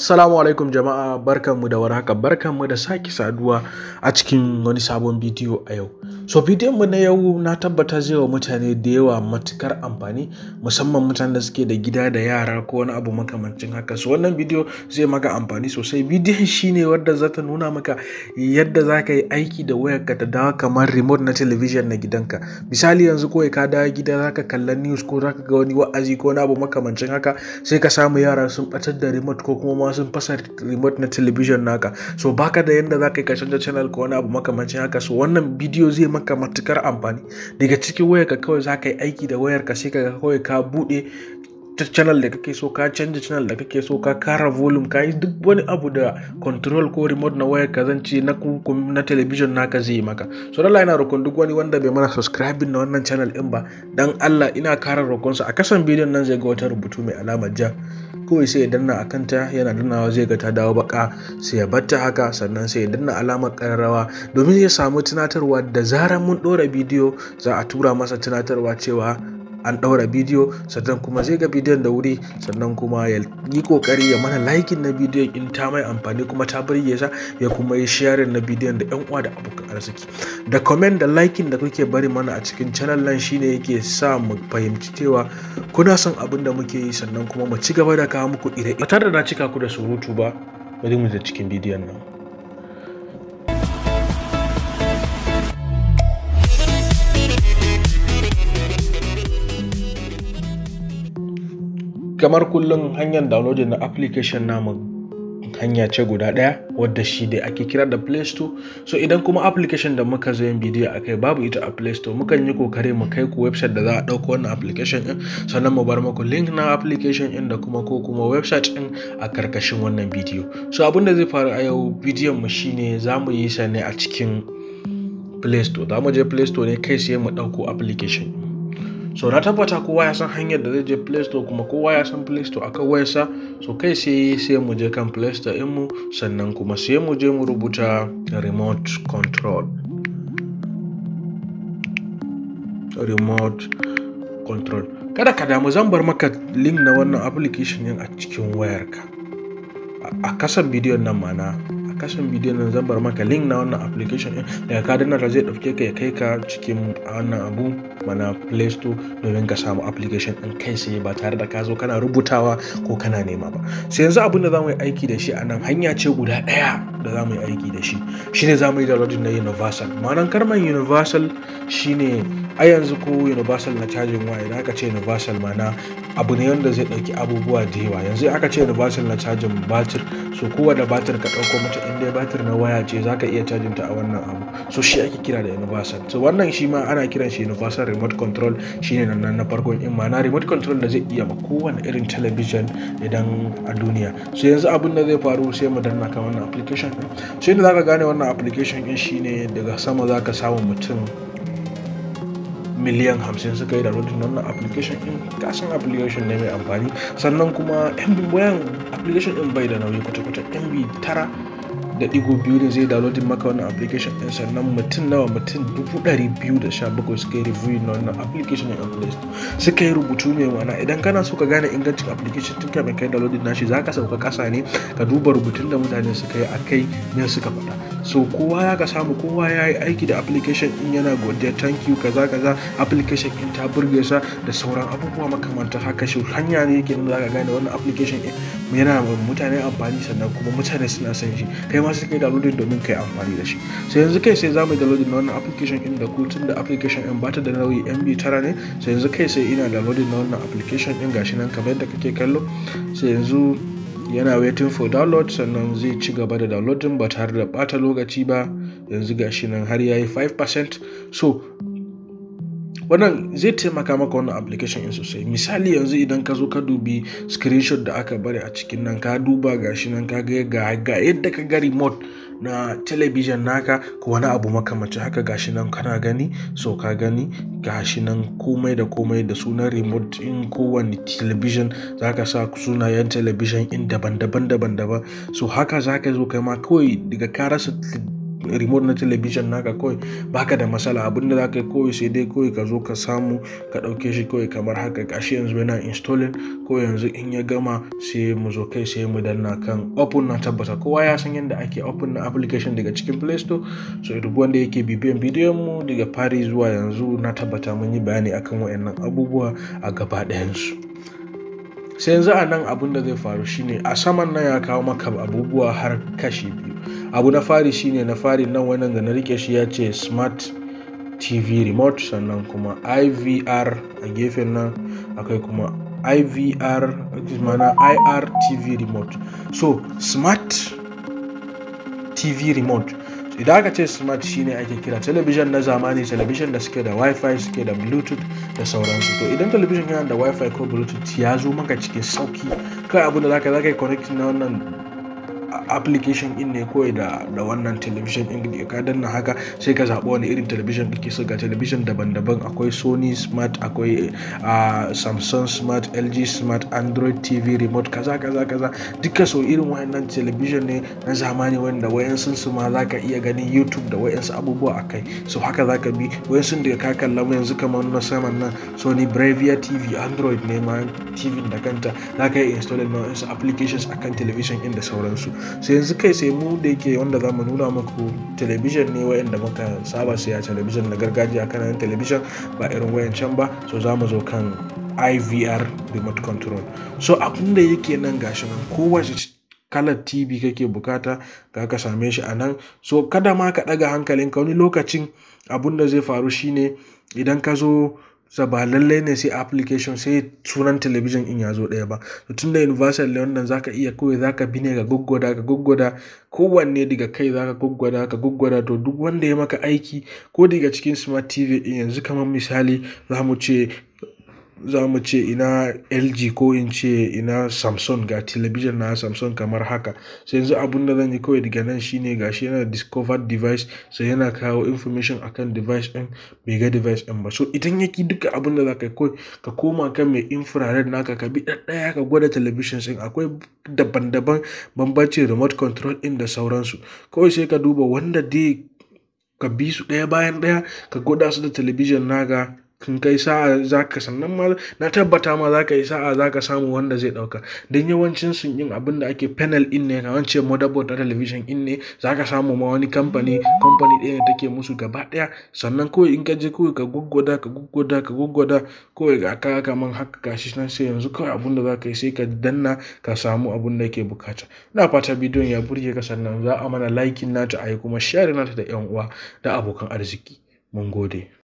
Assalamu alaikum jama'a barkanmu da warhaka barkanmu da sake saduwa a cikin wani sabon bidiyo a yau. So bidiyon mu na yau na tabbata zai wa mutane da yawa matukar amfani musamman mutanen da suke da gida da yara ko wani abu makamancin haka. So wannan bidiyo zai maka amfani sosai. Bidiyon shine wadda za ta nuna maka yadda za ka yi aiki da ka ta dawo kamar remote na television na gidanka. Misali yanzu kawai ka dawo gida za ka kalla news ko za ka ga wani wa'azi ko wani abu makamancin haka sai ka samu yara sun batar da remote ko kuma ma sun fasa remote na television naka so baka da yanda zaka yi ka canza channel ko wani abu makamancin haka so wannan bidiyo zai maka matukar amfani daga cikin wayarka kawai zaka yi aiki da wayarka sai ka kawai ka bude channel da kake so ka canja channel da kake so ka kara volume ka yi duk wani abu da control ko remote na waya ka zance na na television naka zai maka so Allah ina roƙon duk wani wanda bai mana subscribing na wannan channel din ba dan Allah ina kara roƙon sa a kasan bidiyon nan zai ga wata rubutu mai alamar ja kawai sai ya danna a kanta yana dannawa zai ga ta dawo baka sai ya batta haka sannan sai ya danna alamar kararrawa domin ya samu tunatarwa da zarar mun ɗora bidiyo za a tura masa tunatarwa cewa an ɗaura bidiyo sannan kuma zai ga bidiyon da wuri sannan kuma ya yi kokari ya mana laikin na bidiyon in ta mai amfani kuma ta burge sa ya kuma yi sharing na bidiyon da yan uwa da abokan arziki da comment da laikin da kuke bari mana a cikin channel nan shine yake sa mu fahimci cewa kuna son abin da muke yi sannan kuma mu ci gaba da kawo muku ire-ire tare da na cika ku da surutu ba bari mu je cikin bidiyon nan kamar kullum hanyar downloading na application namu hanya ce guda ɗaya wadda shi dai ake kira da play store so idan kuma application da muka zo yin bidiyo akai babu ita a play store mukan yi kokari mu kai ku website da za a ɗauko wannan application din sannan mu bar muku link na application din da kuma ko kuma website din a karkashin wannan bidiyo so abin da zai faru a yau bidiyon mu shine za mu yi sa ne a cikin play store za mu je play store ne kai sai mu ɗauko application so na tabbata kowa ya san hanyar da zai je play store kuma kowa ya san play store akan wayarsa so kai sai sai mu je kan play store din mu sannan kuma sai mu je mu rubuta remote control remote control kada ka damu zan bar maka link na wannan application yin a cikin wayarka a kasan bidiyon nan mana kashin bidiyon nan zan bar maka link na wannan application ɗin daga kadin da zai dauke ka ya kai ka cikin wannan abu mana play store domin ka samu application din kai sai ba tare da ka zo kana rubutawa ko kana nema ba sai yanzu abin da za mu yi aiki da shi a nan hanya ce guda ɗaya da za mu yi aiki da shi shine za mu yi downloading na universal ma'anar karman universal shine a yanzu ko universal na cajin waya idan aka ce universal mana abu ne wanda zai ɗauki abubuwa da yawa yanzu aka ce universal na cajin batir so da batir ka dauko mata in ya batir na waya ce za ka iya charging ta a wannan abu so shi ake kira da universal so wannan shi ma ana kiran shi universal remote control shine nan na farkon in ma na remote control da zai iya ma kowane irin talabijin idan a duniya so yanzu abin da zai faru sai mu danna kan wannan application shi da zaka gane wannan application din shine daga sama zaka samu mutum miliyan hamsin suka yi da rodin wannan application din kasan application ne mai amfani sannan kuma mb wayan application din bai da nauyi kwata-kwata mb tara da digo biyu ne zai downloading maka wannan application din sannan mutum nawa mutum dubu ɗari biyu da sha bakwai suka yi review na wannan application din play store suka yi rubutu mai wana idan kana so ka gane ingancin application tun kafin kai downloading nashi za ka sauka ƙasa ne ka duba rubutun da mutane suka yi akai kai me suka faɗa so kowa ya ka samu kowa ya yi aiki da application in yana godiya thank you kaza kaza application in ta burge sa da sauran abubuwa makamanta haka shi hanya ne yake za ka gane wannan application in yana mutane amfani sannan kuma mutane suna son shi kai ma sai kai downloading domin kai amfani da shi so yanzu kai sai za mu downloading wannan application in da ku tun da application in bata da nauyi MB tara ne so yanzu kai sai ina downloading na wannan application in gashi nan kamar yadda kake kallo so yanzu yana waiting for download sannan zai ci gaba da downloading ba tare da bata lokaci ba yanzu ga shi nan har yayi 5% so wannan zai taimaka maka wannan application in sosai misali yanzu idan ka zo ka dubi screenshot da aka bari a cikin nan ka duba ga shi nan ka ga ga yadda ka ga remote na talabijin naka ko wani abu makamancin haka gashi nan kana gani so ka gani gashi nan komai da komai da sunan remote in kowane za zaka sa sunayen telebijin in daban-daban daban-daban so haka zaka zo kai ma kawai daga ka rasa remote na television naka kawai baka da matsala abin da zaka yi kawai sai dai kawai ka zo ka samu ka dauke shi kawai kamar haka gashi yanzu yana installing ko yanzu in ya gama sai mu zo kai sai mu danna kan open na tabbata kowa ya san yadda ake open na application daga cikin play store so duk wanda yake bibiyan bidiyon mu daga paris zuwa yanzu na tabbata mun yi bayani akan wayannan abubuwa a gaba ɗayansu. sai yanzu a nan abin da zai faru shine a saman nan ya kawo maka abubuwa har kashi biyu abu na fari shine na fari nan wannan da na rike shi ya ce smart tv remote sannan kuma ivr a gefen nan akwai kuma ivr mana ir tv remote so smart tv remote idan aka ce smart shine ake kira telebijin na zamani telebijin da suke da wifi suke da bluetooth da sauransu to idan telebijin yana da wifi ko bluetooth ya zo maka cikin sauki kai abu da za zaka yi connecting na wannan application din ne kawai da da wannan television din ka danna haka sai ka zaɓi wani irin television kake so ga television daban-daban akwai sony smart akwai samsung smart lg smart android tv remote kaza kaza kaza duka so irin wayannan television ne na zamani wanda wayansu su ma zaka iya ganin youtube da wayansu abubuwa akai so haka zaka bi wayansu da ka kalla yanzu kamar na saman nan sony bravia tv android ne ma tv da kanta zaka iya install na wayansu applications akan television din da sauransu sai yanzu kai sai mu da yake wanda za mu nuna muku telebijin ne wayanda muka saba siya telebijin na gargajiya kananan telebijin ba irin can ba so za mu zo kan ivr remote control so abinda yake nan gashi nan kowace kalar tv kake bukata ga ka same shi a nan so kada ma ka ɗaga ka wani lokacin abun da zai faru shine idan ka zo sa ba lallai ne sai application sai sunan television in ya zo ɗaya ba to tun da universal london zaka iya kawai zaka bi ne ga goggoda ga goggoda kowanne daga kai zaka goggoda ka goggoda to duk wanda ya maka aiki ko daga cikin smart tv in yanzu kamar misali za mu ce za mu ce ina LG ko in ce ina samson ga talabijin na samson kamar haka. Sai yanzu abun da zan yi kawai daga nan shine shi yana discovered device sai yana kawo information akan device in bai ga device in ba. So idan yake duka abun da zaka kai ka koma kan mai infrared naka ka bi daya ka gwada television ɗin akwai daban-daban bambancin remote control ɗin da sauransu. Kawai sai ka duba wanda dai ka bi su daya bayan daya ka gwada su da talabijin naka. kun kai sa'a za ka sannan ma na tabbata ma za ka yi sa'a za ka samu wanda zai ɗauka don yawancin sun yin abin da ake panel in ne kamar ce motherboard na television in ne za ka samu ma wani kamfani kamfani ɗaya ne take musu gaba ɗaya sannan kawai in ka kawai ka gugguda ka gugguda ka gugguda kawai ga ka kaman haka gashi nan sai yanzu kawai abin da za ka yi sai ka danna ka samu abin da ke bukata ina fata bidiyon ya burge ka sannan za a mana likin nata a yi kuma share nata da yan uwa da abokan arziki mun gode